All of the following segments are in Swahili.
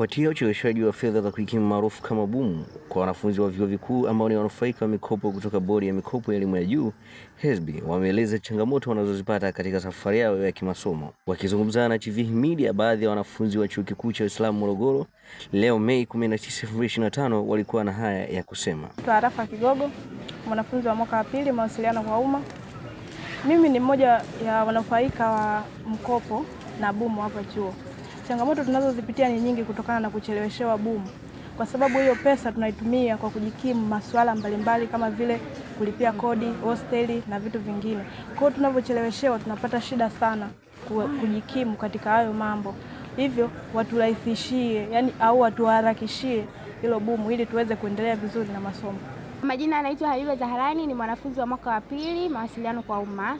Kufuatia ucheleweshaji wa fedha za kuhikimu maarufu kama bumu kwa wanafunzi wa vyuo vikuu ambao ni wanufaika wa mikopo kutoka Bodi ya Mikopo ya Elimu ya Juu HESLB wameeleza changamoto wanazozipata katika safari yao ya kimasomo. Wakizungumzana na Chivihi Media, baadhi ya wanafunzi wa Chuo Kikuu cha Uislamu Morogoro leo Mei 19, 2025 walikuwa na haya ya kusema. Taarafa Kigogo, mwanafunzi wa mwaka wa pili, mawasiliano kwa umma. Mimi ni mmoja ya wanufaika wa mkopo na bumu hapa chuo Changamoto tunazozipitia ni nyingi kutokana na kucheleweshewa bumu, kwa sababu hiyo pesa tunaitumia kwa kujikimu masuala mbalimbali kama vile kulipia kodi, hosteli na vitu vingine. Kwa hiyo tunavyocheleweshewa tunapata shida sana kujikimu katika hayo mambo, hivyo waturahisishie, yani au watuharakishie hilo bumu ili tuweze kuendelea vizuri na masomo. Majina anaitwa Habiba Zaharani, ni mwanafunzi wa mwaka wa pili mawasiliano kwa umma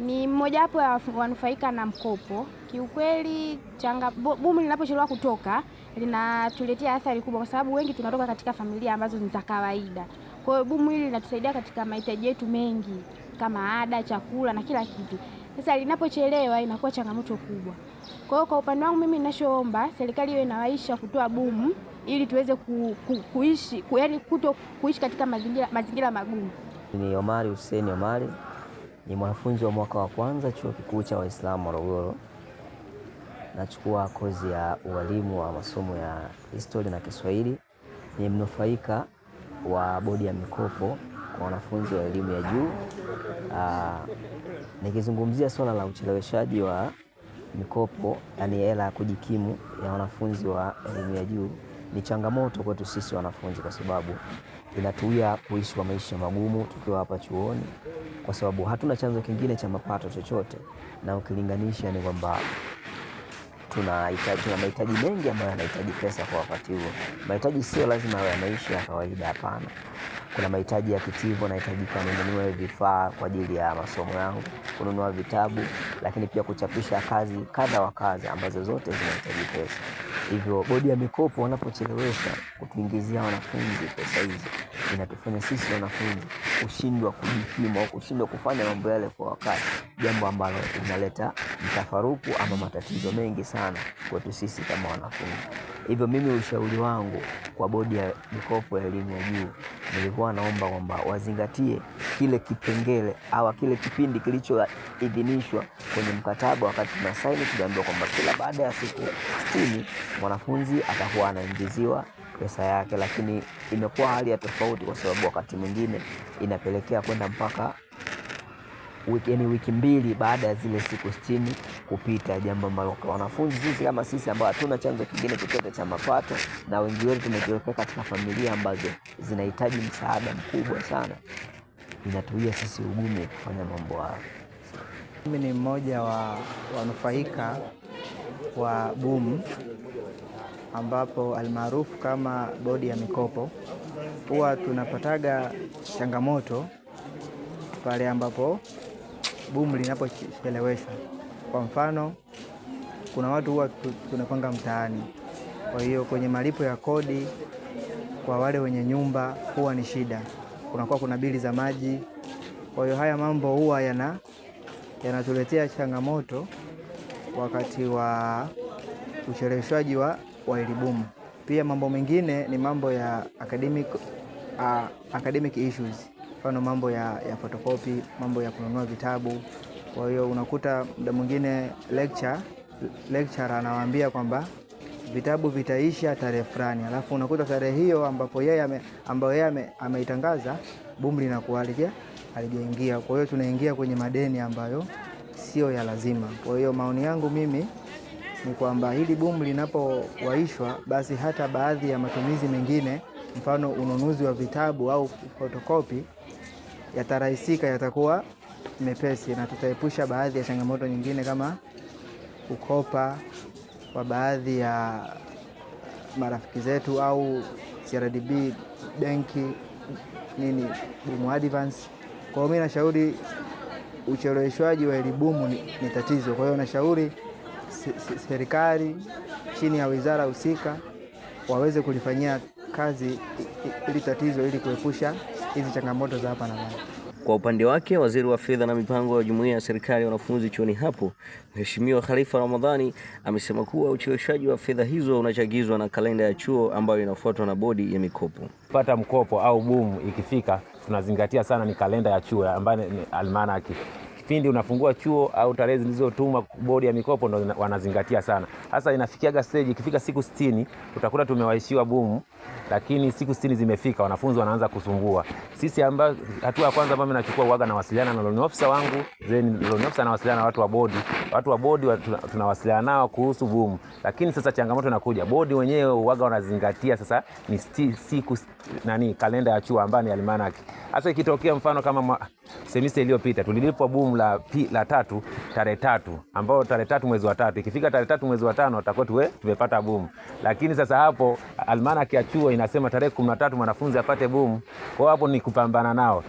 ni mmoja wapo ya wanufaika na mkopo. Kiukweli changa bumu linapochelewa kutoka linatuletea athari kubwa, kwa sababu wengi tunatoka katika familia ambazo ni za kawaida. Kwa hiyo bumu hili linatusaidia katika mahitaji yetu mengi kama ada, chakula na kila kitu. Sasa linapochelewa inakuwa changamoto kubwa. Kwa hiyo kwa upande wangu mimi ninachoomba serikali iwe inawaisha kutoa bumu ili tuweze ku, ku, kuishi ku, yani kuto kuishi katika mazingira mazingira magumu. Ni Omari Hussein Omari. Ni mwanafunzi wa mwaka wa kwanza chuo kikuu cha Waislamu Morogoro. Nachukua kozi ya ualimu wa masomo ya history na Kiswahili. Ni mnufaika wa bodi ya mikopo kwa wanafunzi wa elimu ya juu. Ah, nikizungumzia swala la ucheleweshaji wa mikopo, yani hela ya kujikimu ya wanafunzi wa elimu ya juu, ni changamoto kwetu sisi wanafunzi, kwa sababu inatuia kuishi kwa maisha magumu tukiwa hapa chuoni kwa sababu hatuna chanzo kingine cha mapato chochote, na ukilinganisha ni kwamba tuna mahitaji mengi ambayo yanahitaji pesa kwa wakati huo. Mahitaji sio lazima ya maisha ya kawaida, hapana. Kuna mahitaji ya kitivo, nahitajika ninunue vifaa kwa ajili ya masomo yangu, kununua vitabu, lakini pia kuchapisha kazi kadha wa kadha ambazo zote zinahitaji pesa. Hivyo bodi ya mikopo wanapochelewesha kutuingizia wanafunzi pesa hizo inatufanya sisi wanafunzi kushindwa kujipima au kushindwa kufanya mambo yale kwa wakati, jambo ambalo linaleta mtafaruku ama matatizo mengi sana kwetu sisi kama wanafunzi. Hivyo mimi ushauri wangu kwa Bodi ya Mikopo ya Elimu ya Juu, nilikuwa naomba kwamba wazingatie kile kipengele au kile kipindi kilichoidhinishwa kwenye mkataba. Wakati tunasaini tuliambiwa kwamba kila baada ya siku sitini mwanafunzi atakuwa anaingiziwa pesa yake, lakini imekuwa hali ya tofauti, kwa sababu wakati mwingine inapelekea kwenda mpaka wiki, yani wiki mbili baada ya zile siku sitini kupita, jambo ambalo kwa wanafunzi sisi kama sisi ambao hatuna chanzo kingine chochote cha mapato, na wengi wetu tumejiweka katika familia ambazo zinahitaji msaada mkubwa sana, inatuia sisi ugumu kufanya mambo hayo. Mimi ni mmoja wa wanufaika wa boom ambapo almaarufu kama bodi ya mikopo, huwa tunapataga changamoto pale ambapo bumu linapocheleweshwa. Kwa mfano, kuna watu huwa tunapanga mtaani, kwa hiyo kwenye malipo ya kodi kwa wale wenye nyumba huwa ni shida, kunakuwa kuna bili za maji. Kwa hiyo haya mambo huwa yana yanatuletea changamoto wakati wa ucheleweshwaji wa wa Elibumu. Pia mambo mengine ni mambo ya academic, uh, academic issues, mfano mambo ya, ya photocopy, mambo ya kununua vitabu. Kwa hiyo unakuta muda mwingine lecture lecturer anawaambia kwamba vitabu vitaisha tarehe fulani, alafu unakuta tarehe hiyo ambapo yeye ambayo yeye ameitangaza boom linakuwa halijaingia. Kwa hiyo tunaingia kwenye madeni ambayo sio ya lazima. Kwa hiyo maoni yangu mimi ni kwamba hili bomu linapowaishwa, basi hata baadhi ya matumizi mengine, mfano ununuzi wa vitabu au fotokopi, yatarahisika, yatakuwa mepesi na tutaepusha baadhi ya changamoto nyingine kama kukopa kwa baadhi ya marafiki zetu au CRDB benki nini bumu advance. Kwa hiyo mimi nashauri ucheleweshwaji wa elibumu ni, ni tatizo. Kwa hiyo nashauri serikali chini ya wizara husika waweze kulifanyia kazi ili tatizo ili kuepusha hizi changamoto za hapa na pale. Kwa upande wake, waziri wa fedha na mipango ya jumuiya ya serikali ya wanafunzi chuoni hapo Mheshimiwa Khalifa Ramadhani amesema kuwa ucheleweshaji wa fedha hizo unachagizwa na kalenda ya chuo ambayo inafuatwa na bodi ya mikopo. Pata mkopo au bumu ikifika, tunazingatia sana ni kalenda ya chuo ambayo ni almanaki kipindi unafungua chuo au tarehe zilizotumwa bodi ya mikopo ndo wanazingatia sana. Sasa inafikiaga stage, ikifika siku 60 utakuta tumewaishiwa boom, lakini siku 60 zimefika, wanafunzi wanaanza kusumbua. Sisi amba, hatua ya kwanza ambayo nachukua uwaga, nawasiliana na loan officer wangu, then loan officer anawasiliana na watu wa bodi, watu wa bodi tunawasiliana nao kuhusu boom, Lakini sasa changamoto inakuja, bodi wenyewe uaga wanazingatia sasa ni siku nani, kalenda ya chuo ambayo ni almanaki. Sasa ikitokea mfano kama semista iliyopita tulilipwa bumu la, la tatu tarehe tatu ambao tarehe tatu mwezi wa tatu ikifika tarehe tatu mwezi wa tano tutakuwa tuwe tumepata bumu Lakini sasa hapo almanaki ya chuo inasema tarehe kumi na tatu mwanafunzi apate bumu Kwa hapo ni kupambana nao,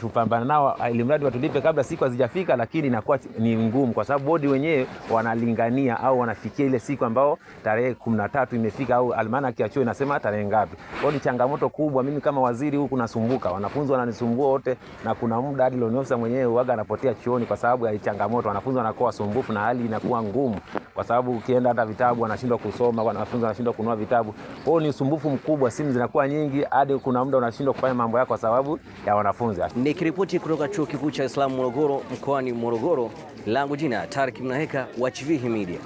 tupambana nao ah, ili mradi watulipe kabla siku hazijafika, lakini inakuwa ni ngumu kwa sababu bodi wenyewe wanalingania au wanafikia ile siku ambao tarehe kumi na tatu imefika au almanaki ya chuo inasema tarehe ngapi. Kwa ni changamoto kubwa. Mimi kama waziri huku nasumbuka, wanafunzi wananisumbua wote na kuna muda dadi loan officer mwenyewe huaga anapotea chuoni kwa sababu ya changamoto, wanafunzi wanakuwa wasumbufu na hali inakuwa ngumu, kwa sababu ukienda hata vitabu wanashindwa kusoma, wanafunzi wanashindwa kununua vitabu. Kwao ni usumbufu mkubwa, simu zinakuwa nyingi, hadi kuna muda unashindwa kufanya mambo yako kwa sababu ya wanafunzi. Nikiripoti kutoka chuo kikuu cha Islamu Morogoro mkoani Morogoro, langu jina Tarik Mnaheka wa Chivihi Media.